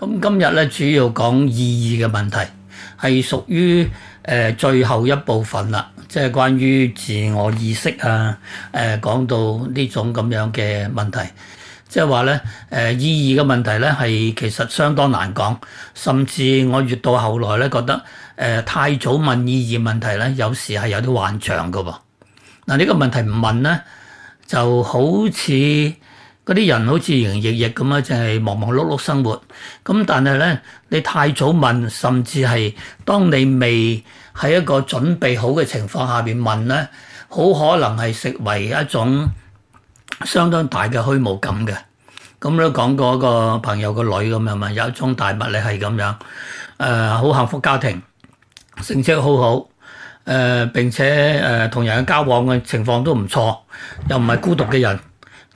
咁今日咧主要講意義嘅問題，係屬於誒最後一部分啦，即係關於自我意識啊，誒講到呢種咁樣嘅問題，即係話咧誒意義嘅問題咧係其實相當難講，甚至我越到後來咧覺得誒太早問意義問題咧，有時係有啲幻象㗎喎。嗱、這、呢個問題唔問咧，就好似～嗰啲人好似營營役役咁啊，淨係忙忙碌，碌碌生活。咁但係咧，你太早問，甚至係當你未喺一個準備好嘅情況下邊問咧，好可能係成為一種相當大嘅虛無感嘅。咁咧講過一個朋友個女咁啊，嘛有一種大物理係咁樣，誒、呃、好幸福家庭，成績好好，誒、呃、並且誒同、呃、人嘅交往嘅情況都唔錯，又唔係孤獨嘅人。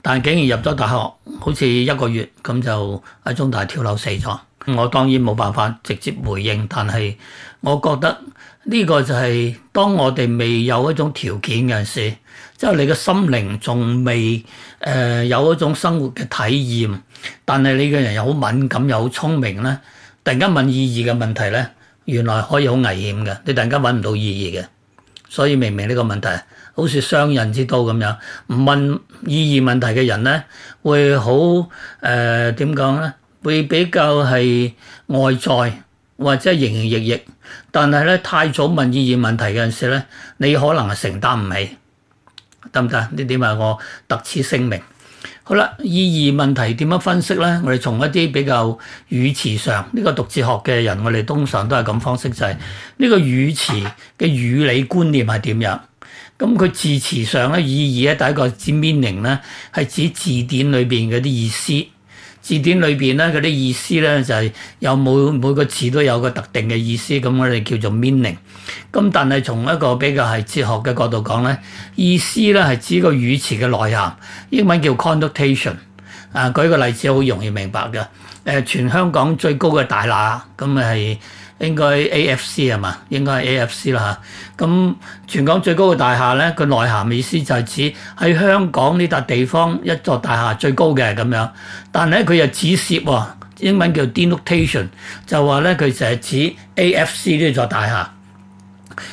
但竟然入咗大學，好似一個月咁就喺中大跳樓死咗。我當然冇辦法直接回應，但係我覺得呢個就係當我哋未有一種條件嘅時，即係你嘅心靈仲未呃有一種生活嘅體驗，但係你嘅人又好敏感又好聰明咧，突然間問意義嘅問題咧，原來可以好危險嘅。你突然間揾唔到意義嘅，所以明唔明呢個問題？好似傷人之刀咁樣問意義問題嘅人咧，會好誒點講咧？會比較係外在或者營營役役。但係咧太早問意義問題嘅陣時咧，你可能係承擔唔起，得唔得？呢點係我特此聲明。好啦，意義問題點樣分析咧？我哋從一啲比較語詞上，呢個讀哲學嘅人，我哋通常都係咁方式，就係呢個語詞嘅語理觀念係點樣？咁佢字詞上咧意義咧，第一個指 meaning 咧係指字典裏邊嘅啲意思。字典裏邊咧嗰啲意思咧就係、是、有每每個字都有個特定嘅意思。咁我哋叫做 meaning。咁但係從一個比較係哲學嘅角度講咧，意思咧係指個語詞嘅內涵。英文叫 connotation。啊，舉個例子好容易明白嘅。誒、啊，全香港最高嘅大拿咁係。應該 AFC 係嘛？應該係 AFC 啦吓，咁全港最高嘅大廈咧，佢內涵嘅意思就係指喺香港呢笪地方一座大廈最高嘅咁樣。但係咧，佢又指涉喎，英文叫 denotation，就話咧佢就係指 AFC 呢座大廈。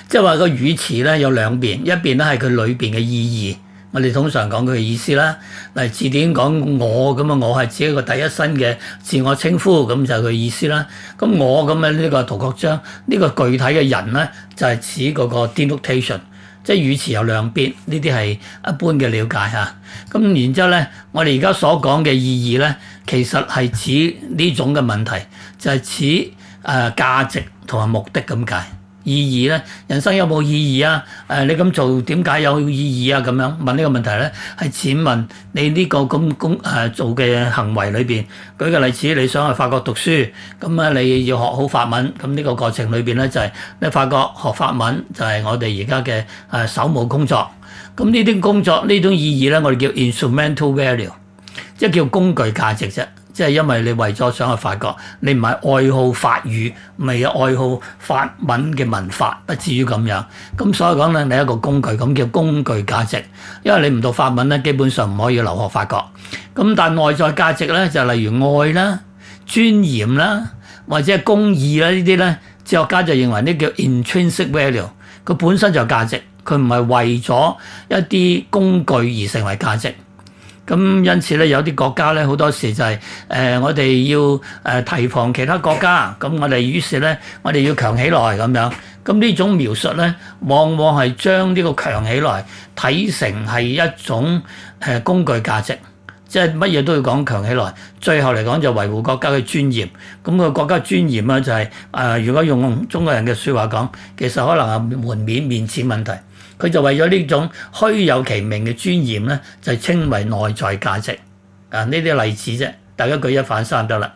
即係話個語詞咧有兩邊，一邊咧係佢裏邊嘅意義。我哋通常講佢嘅意思啦，例如字典講我咁啊，我係指一個第一身嘅自我稱呼，咁就係佢意思啦。咁我咁嘅呢個陶國璋呢、這個具體嘅人咧，就係指嗰個 denotation 即係語詞有兩邊，呢啲係一般嘅了解嚇。咁然之後咧，我哋而家所講嘅意義咧，其實係指呢種嘅問題，就係、是、指誒價值同埋目的咁解。意義咧，人生有冇意義啊？誒，你咁做點解有意義啊？咁、呃樣，啊、樣問呢個問題咧，係淺問你這這。你呢個咁工誒做嘅行為裏邊，舉個例子，你想去法國讀書，咁啊你要學好法文，咁呢個過程裏邊咧就係、是、你法國學法文就係我哋而家嘅誒手務工作。咁呢啲工作呢種意義咧，我哋叫 instrumental value，即係叫工具價值啫。即係因為你為咗想去法國，你唔係愛好法語，未有愛好法文嘅文法，不至於咁樣。咁所以講咧，你一個工具咁叫工具價值。因為你唔讀法文咧，基本上唔可以留學法國。咁但內在價值咧，就例如愛啦、尊嚴啦，或者公義啦呢啲咧，哲學家就認為呢叫 intrinsic value，佢本身就係價值，佢唔係為咗一啲工具而成為價值。咁因此咧，有啲國家咧，好多時就係、是、誒、呃，我哋要誒、呃、提防其他國家。咁我哋於是咧，我哋要強起來咁樣。咁呢種描述咧，往往係將呢個強起來睇成係一種誒、呃、工具價值，即係乜嘢都要講強起來。最後嚟講就維護國家嘅尊嚴。咁、那個國家尊嚴咧就係、是、誒、呃，如果用中國人嘅説話講，其實可能係門面面子問題。佢就為咗呢種虛有其名嘅尊嚴咧，就稱為內在價值。啊，呢啲例子啫，大家舉一反三得啦。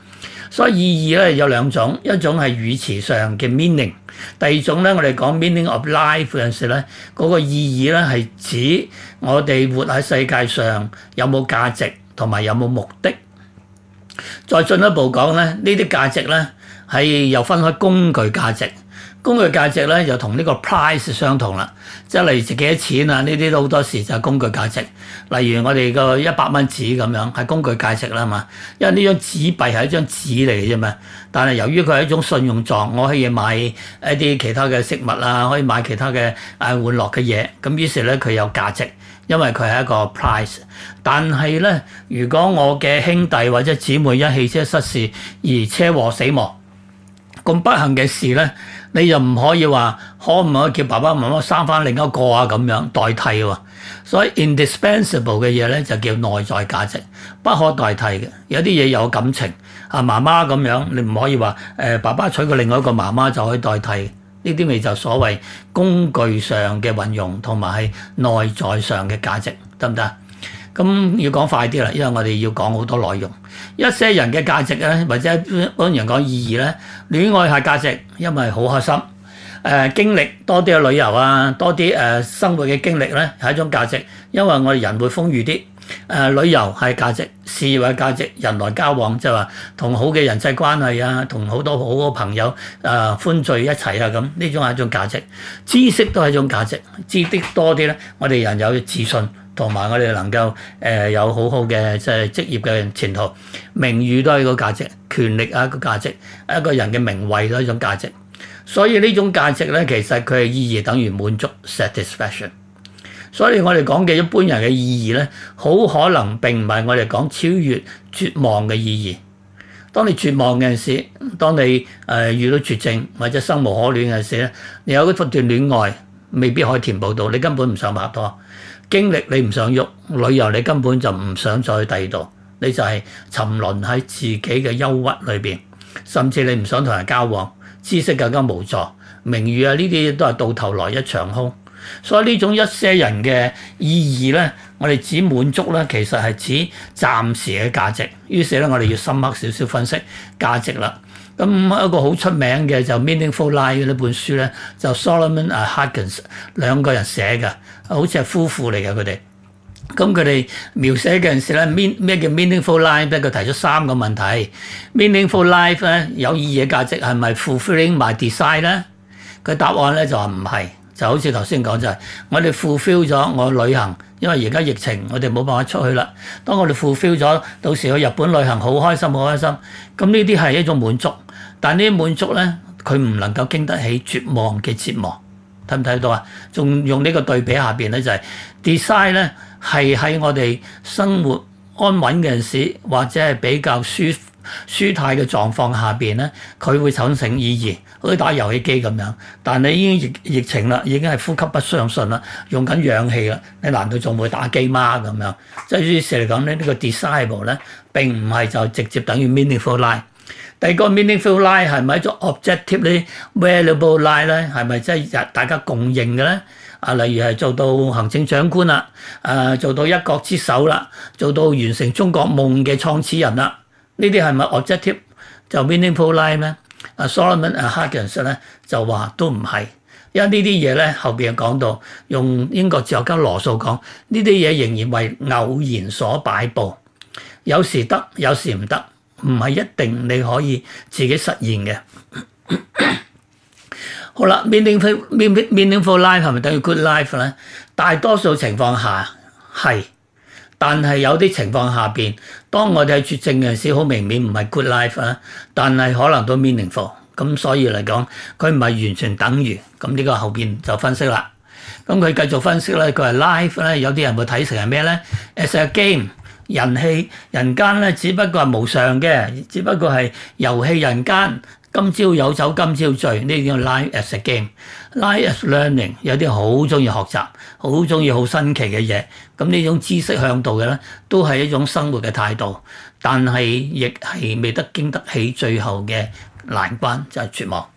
所以意義咧有兩種，一種係語詞上嘅 meaning，第二種咧我哋講 meaning of life 嗰陣時咧，嗰個意義咧係指我哋活喺世界上有冇價值同埋有冇目的。再進一步講咧，呢啲價值咧係又分開工具價值。工具價值咧就同呢個 price 相同啦，即係例如值幾多錢啊？呢啲都好多時就係工具價值。例如我哋個一百蚊紙咁樣，係工具價值啦嘛。因為呢張紙幣係一張紙嚟嘅啫嘛，但係由於佢係一種信用狀，我可以買一啲其他嘅飾物啦、啊，可以買其他嘅誒玩樂嘅嘢。咁於是咧佢有價值，因為佢係一個 price。但係咧，如果我嘅兄弟或者姊妹因汽車失事而車禍死亡咁不幸嘅事咧，你又唔可以話可唔可以叫爸爸媽媽生翻另一個啊，咁樣代替喎。所以 indispensable 嘅嘢咧就叫內在價值，不可代替嘅。有啲嘢有感情啊，媽媽咁樣，你唔可以話誒爸爸娶過另外一個媽媽就可以代替。呢啲咪就所謂工具上嘅運用同埋係內在上嘅價值，得唔得？咁要講快啲啦，因為我哋要講好多內容。一些人嘅價值咧，或者一般人講意義咧，戀愛係價值，因為好開心。誒、呃、經歷多啲嘅旅遊啊，多啲誒、呃、生活嘅經歷咧係一種價值，因為我哋人會豐裕啲。誒、呃、旅遊係價值，事業係價值，人來交往即係話同好嘅人際關係啊，同好多好嘅朋友誒、呃、歡聚一齊啊咁，呢種係一種價值。知識都係一種價值，知識多啲咧，我哋人有自信。同埋我哋能夠誒有好好嘅即係職業嘅前途，名譽都係個價值，權力啊，一個價值，一個人嘅名位都係一種價值。所以呢種價值咧，其實佢嘅意義等於滿足 Satisfaction。所以我哋講嘅一般人嘅意義咧，好可能並唔係我哋講超越絕望嘅意義。當你絕望嘅陣時，當你誒遇到絕症或者生無可戀嘅時咧，你有一段戀愛未必可以填補到，你根本唔想拍拖。經歷你唔想喐，旅遊你根本就唔想再去第二度，你就係沉淪喺自己嘅憂鬱裏邊，甚至你唔想同人交往，知識更加無助，名譽啊呢啲都係到頭來一場空，所以呢種一些人嘅意義呢，我哋只滿足咧，其實係指暫時嘅價值，於是呢，我哋要深刻少少分析價值啦。咁一個好出名嘅就是、meaningful life 呢本書咧，就是、Solomon 啊 Huggins 兩個人寫嘅，好似係夫婦嚟嘅，佢哋。咁佢哋描寫嗰陣時咧，咩叫 meaningful life 咧？佢提出三個問題：meaningful life 咧有意義嘅價值係咪 fulfilling my desire 咧？佢答案咧就話唔係，就好似頭先講就係、是、我哋 fulfill 咗我旅行，因為而家疫情我哋冇辦法出去啦。當我哋 fulfill 咗，到時去日本旅行好開心，好開心。咁呢啲係一種滿足。但呢啲滿足咧，佢唔能夠經得起絕望嘅折磨，睇唔睇到啊？仲用呢個對比下邊咧，就係、是、design 咧，係喺我哋生活安穩嘅時，或者係比較舒舒泰嘅狀況下邊咧，佢會產生意義，好似打遊戲機咁樣。但你已經疫疫情啦，已經係呼吸不暢順啦，用緊氧氣啦，你難道仲會打機嗎？咁樣即係於是嚟講咧，這個、呢個 designable 咧並唔係就直接等於 meaningful life。第二個 meaningful line 係咪一種 objectively valuable line 咧，係咪即係大家共認嘅咧？啊，例如係做到行政長官啦，啊做到一國之首啦，做到完成中國夢嘅創始人啦，呢啲係咪 objective 就 meaningful line 咧？啊，Solomon 啊 Haggens 咧就話都唔係，因為呢啲嘢咧後邊又講到用英國哲學家羅素講，呢啲嘢仍然為偶然所擺佈，有時得有時唔得。唔係一定你可以自己實現嘅。 好啦，meaningful，meaningful life 係咪等於 good life 咧？大多數情況下係，但係有啲情況下邊，當我哋係絕症嘅時候，好明顯唔係 good life 啦，但係可能都 meaningful。咁所以嚟講，佢唔係完全等於。咁呢個後邊就分析啦。咁佢繼續分析咧，佢話 life 咧有啲人會睇成係咩咧？as a game。人氣人間咧，只不過係無常嘅，只不過係遊戲人間。今朝有酒今朝醉，呢啲叫 live as a game，live as learning 有啲好中意學習，好中意好新奇嘅嘢。咁呢種知識向度嘅咧，都係一種生活嘅態度，但係亦係未得經得起最後嘅難關，就係、是、絕望。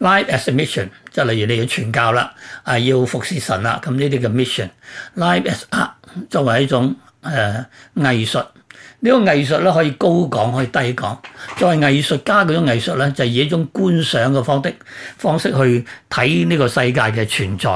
Live as a mission，就例如你要傳教啦，啊要服侍神啦，咁呢啲叫 mission，Live as、啊。Live as art 作為一種。誒、呃、藝術呢個藝術咧可以高講，可以低講，作為藝術家嗰種藝術咧就係、以一種觀賞嘅方的方式去睇呢個世界嘅存在。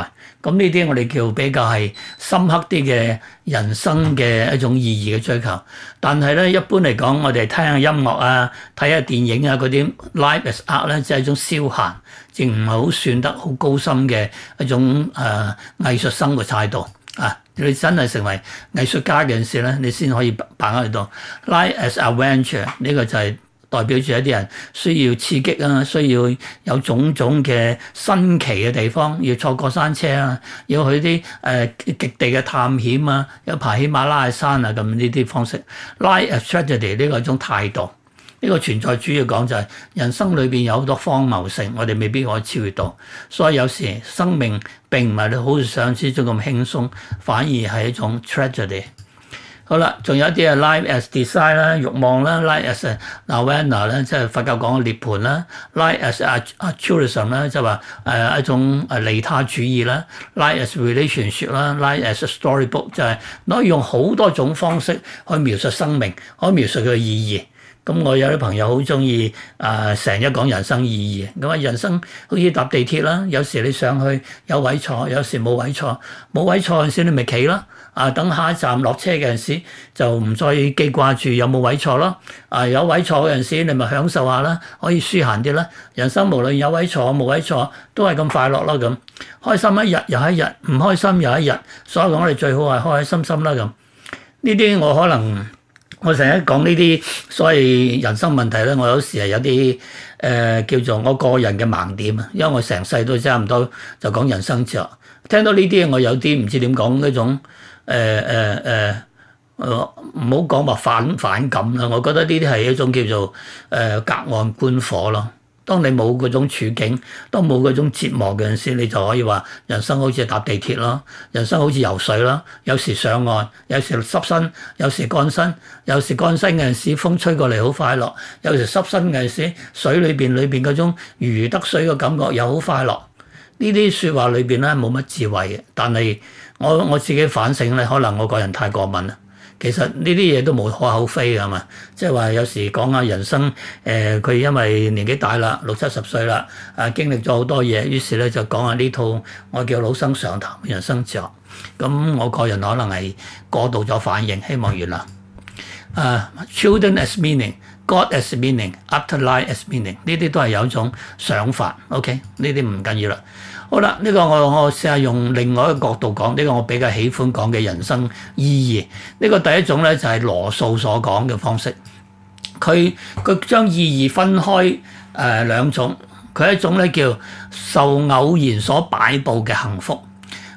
咁呢啲我哋叫比較係深刻啲嘅人生嘅一種意義嘅追求。但係咧一般嚟講，我哋聽下音樂啊、睇下電影啊嗰啲 live as art 咧，只係一種消閒，就唔係好算得好高深嘅一種誒、呃、藝術生活態度。啊！你真係成為藝術家嘅陣時咧，你先可以把握到。Life as adventure 呢個就係代表住一啲人需要刺激啊，需要有種種嘅新奇嘅地方，要坐過山車啊，要去啲誒、呃、極地嘅探險啊，有爬喜馬拉雅山啊，咁呢啲方式。Life as tragedy 呢個係一種態度。呢個存在主要講就係人生裏邊有好多荒謬性，我哋未必可以超越到，所以有時生命並唔係你好似想像之中咁輕鬆，反而係一種 tragedy。好啦，仲有一啲係 life as desire 啦、欲望啦、life as a nirvana 咧，即係佛教講嘅涅槃啦；life as altruism 啦，即係話誒一種誒利他主義啦；life as relationship 啦、life as a storybook 就係可以用好多種方式去描述生命，可以描述佢嘅意義。咁、嗯、我有啲朋友好中意啊，成日講人生意義。咁、嗯、話人生好似搭地鐵啦，有時你上去有位坐，有時冇位坐，冇位坐嗰陣時你咪企啦。啊，等下一站落車嘅陣時就唔再記掛住有冇位坐啦。啊，有位坐嗰陣時你咪享受下啦，可以舒閒啲啦。人生無論有位坐冇位坐都係咁快樂啦咁，開心一日又一日，唔開心又一日。所以我哋最好係開開心心啦咁。呢啲我可能。我成日講呢啲，所謂人生問題咧，我有時係有啲誒、呃、叫做我個人嘅盲點啊，因為我成世都差唔多就講人生哲學。聽到呢啲我有啲唔知點講，呢種誒誒誒，唔好講話反反感啦。我覺得呢啲係一種叫做誒、呃、隔岸觀火咯。當你冇嗰種處境，當冇嗰種折磨嘅陣時，你就可以話人生好似搭地鐵咯，人生好似游水啦。有時上岸，有時濕身，有時乾身，有時乾身嘅陣時風吹過嚟好快樂，有時濕身嘅陣時水裏邊裏邊嗰種如魚得水嘅感覺又好快樂。呢啲説話裏邊咧冇乜智慧嘅，但係我我自己反省咧，可能我個人太過敏啦。其實呢啲嘢都冇可厚非嘅，嘛？即係話有時講下人生，誒、呃、佢因為年紀大啦，六七十歲啦，啊經歷咗好多嘢，於是咧就講下呢套我叫老生常談人生哲學。咁我個人可能係過度咗反應，希望完啦。啊，children as meaning，God as meaning，afterlife as meaning，呢啲都係有一種想法。OK，呢啲唔緊要啦。好啦，呢個我我試下用另外一個角度講，呢個我比較喜歡講嘅人生意義。呢個第一種咧就係羅素所講嘅方式，佢佢將意義分開誒兩種，佢一種咧叫受偶然所擺佈嘅幸福，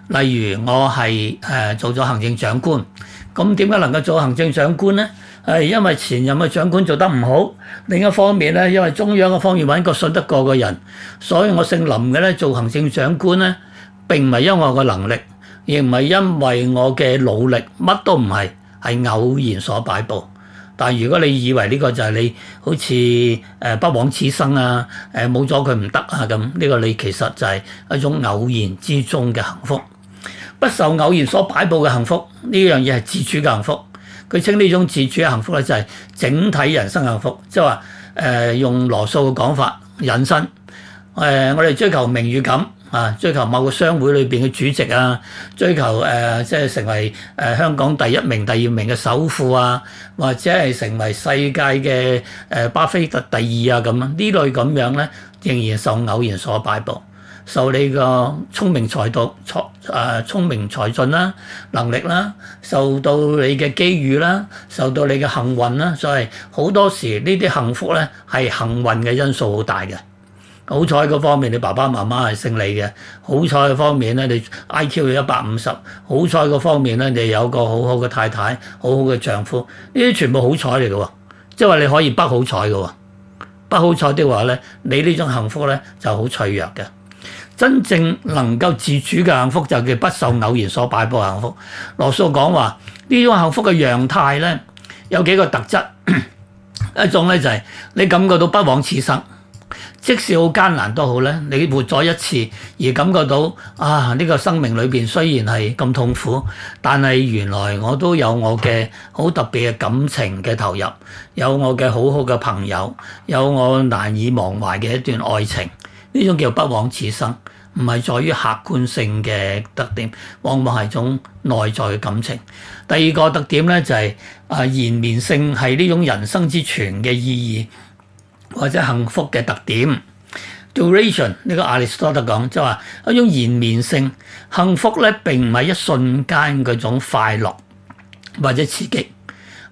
例如我係誒做咗行政長官，咁點解能夠做行政長官咧？誒，因為前任嘅長官做得唔好，另一方面咧，因為中央嘅方面揾個信得過嘅人，所以我姓林嘅咧做行政長官咧，並唔係因為我嘅能力，亦唔係因為我嘅努力，乜都唔係，係偶然所擺佈。但如果你以為呢個就係你好似誒不枉此生啊，誒冇咗佢唔得啊咁，呢個你其實就係一種偶然之中嘅幸福，不受偶然所擺佈嘅幸福，呢樣嘢係自主嘅幸福。佢稱呢種自主嘅幸福咧，就係整體人生幸福，即係話誒用羅素嘅講法，引申誒我哋追求名譽感，啊，追求某個商會裏邊嘅主席啊，追求誒即係成為誒香港第一名、第二名嘅首富啊，或者係成為世界嘅誒巴菲特第二啊咁啦，呢類咁樣咧，仍然受偶然所擺佈。受你個聰明才讀，聰誒聰明才俊啦，能力啦，受到你嘅機遇啦，受到你嘅幸運啦，所以好多時呢啲幸福咧係幸運嘅因素好大嘅。好彩個方面，你爸爸媽媽係勝利嘅；好彩嘅方面咧，你 I Q 有一百五十；好彩嘅方面咧，你有個好好嘅太太，好好嘅丈夫，呢啲全部好彩嚟嘅。即係話你可以不好彩嘅，不好彩的話咧，你呢種幸福咧就好脆弱嘅。真正能夠自主嘅幸福就叫、是、不受偶然所擺佈嘅幸福。羅素講話呢種幸福嘅樣態呢，有幾個特質。 一種呢，就係、是、你感覺到不枉此生，即使好艱難都好呢，你活咗一次而感覺到啊，呢、這個生命裏邊雖然係咁痛苦，但係原來我都有我嘅好特別嘅感情嘅投入，有我嘅好好嘅朋友，有我難以忘懷嘅一段愛情。呢種叫不枉此生，唔係在於客觀性嘅特點，往往係種內在嘅感情。第二個特點咧就係、是、啊延綿性係呢種人生之全嘅意義或者幸福嘅特點。Duration 呢 Duration 個亞里斯多德講，即係話一種延綿性幸福咧並唔係一瞬間嗰種快樂或者刺激。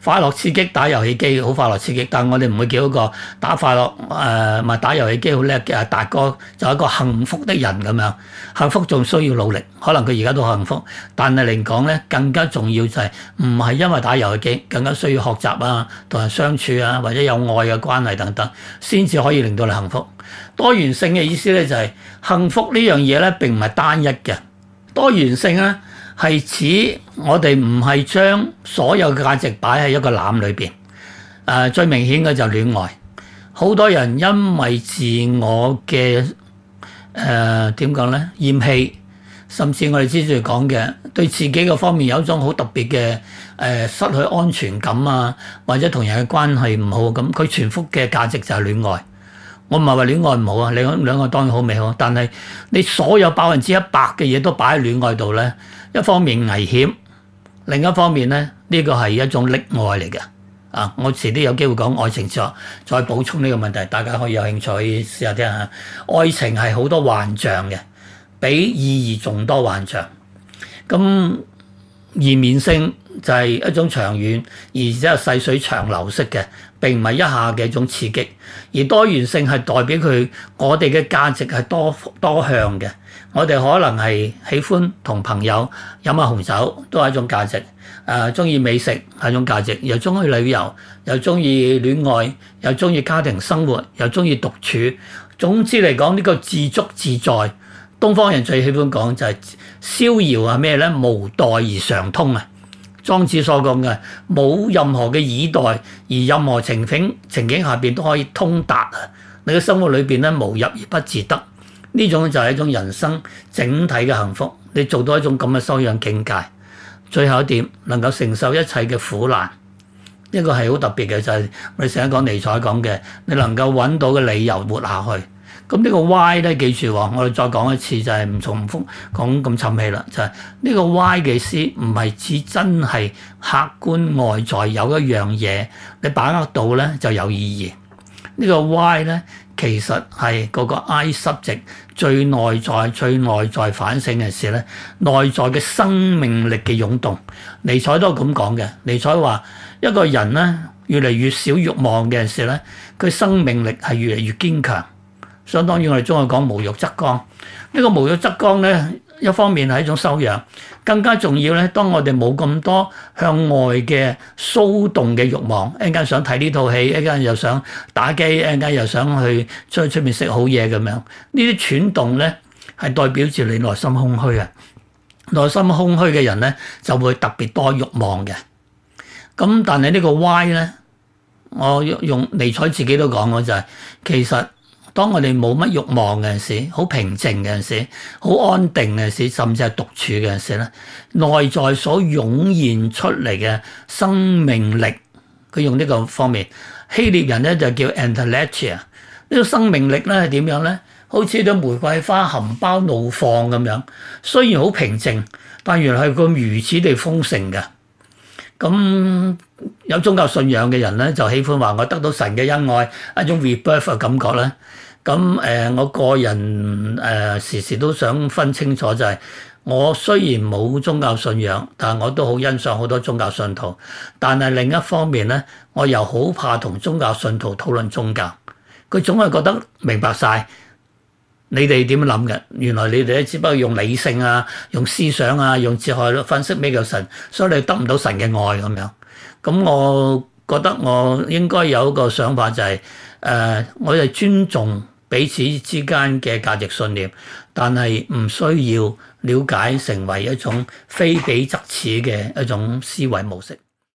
快樂，刺激打遊戲機好快樂刺激，但係我哋唔會叫一個打快樂，唔係打遊戲機好叻嘅達哥，就係一個幸福的人咁樣。幸福仲需要努力，可能佢而家都好幸福，但係嚟講咧，更加重要就係唔係因為打遊戲機，更加需要學習啊，同人相處啊，或者有愛嘅關係等等，先至可以令到你幸福。多元性嘅意思咧、就係，就係幸福呢樣嘢咧並唔係單一嘅多元性啊。係指我哋唔係將所有價值擺喺一個籃裏邊。誒、呃、最明顯嘅就戀愛，好多人因為自我嘅誒點講咧厭棄，甚至我哋之前講嘅對自己嘅方面有一種好特別嘅誒失去安全感啊，或者同人嘅關係唔好咁，佢全幅嘅價值就係戀愛。我唔係話戀愛唔好啊，你講兩個當然好美好，但係你所有百分之一百嘅嘢都擺喺戀愛度咧，一方面危險，另一方面咧，呢個係一種溺愛嚟嘅。啊，我遲啲有機會講愛情之後，再補充呢個問題，大家可以有興趣去試下聽下。愛情係好多幻象嘅，比意義仲多幻象。咁而面性。就係一種長遠，而且係細水長流式嘅，並唔係一下嘅一種刺激。而多元性係代表佢我哋嘅價值係多多向嘅。我哋可能係喜歡同朋友飲下紅酒，都係一種價值。誒、呃，中意美食係一種價值，又中意旅遊，又中意戀愛，又中意家庭生活，又中意獨處。總之嚟講，呢、呢個自足自在，東方人最喜歡講就係、係、逍遙啊！咩咧？無待而常通啊！莊子所講嘅冇任何嘅以待，而任何情景情景下邊都可以通達啊！你嘅生活裏邊咧，無入而不自得，呢種就係一種人生整體嘅幸福。你做到一種咁嘅修養境界，最後一點能夠承受一切嘅苦難，呢個係好特別嘅，就係我哋成日講尼采講嘅，你能夠揾到嘅理由活下去。咁呢個 Y 咧，記住我哋再講一次，就係唔重複講咁沉氣啦。就係、是、呢個 Y 嘅意思，唔係指真係客觀外在有一樣嘢你把握到咧就有意義。呢、這個 Y 咧，其實係嗰個 I subject 最內在、最內在反省嘅事咧，內在嘅生命力嘅湧動。尼采都係咁講嘅，尼采話一個人咧越嚟越少慾望嘅時咧，佢生命力係越嚟越堅強。相當我於我哋中意講無欲則剛。呢、呢個無欲則剛咧，一方面係一種修養，更加重要咧。當我哋冇咁多向外嘅騷動嘅慾望，一陣間想睇呢套戲，一陣間又想打機，一陣間又想去出去出面食好嘢咁樣。喘呢啲蠢動咧，係代表住你內心空虛啊！內心空虛嘅人咧，就會特別多慾望嘅。咁但係呢個 why 咧，我用尼采自己都講過就係、是、其實。當我哋冇乜欲望嘅陣時，好平靜嘅陣時，好安定嘅陣時，甚至係獨處嘅陣時咧，內在所湧現出嚟嘅生命力，佢用呢個方面。希臘人咧就叫 Intellectia。呢個生命力咧係點樣咧？好似啲玫瑰花含苞怒放咁樣，雖然好平靜，但原來係咁如此地豐盛嘅。咁有宗教信仰嘅人咧，就喜歡話我得到神嘅恩愛，一種 rebirth 嘅感覺咧。咁誒、呃，我個人誒、呃、時時都想分清楚、就是，就係我雖然冇宗教信仰，但係我都好欣賞好多宗教信徒。但係另一方面咧，我又好怕同宗教信徒討論宗教，佢總係覺得明白晒，你哋點諗嘅。原來你哋咧只不過用理性啊、用思想啊、用智慧分析咩叫神，所以你得唔到神嘅愛咁樣。咁我覺得我應該有一個想法、就是，就係誒，我哋尊重。彼此之間嘅價值信念，但係唔需要了解成為一種非彼則此嘅一種思維模式。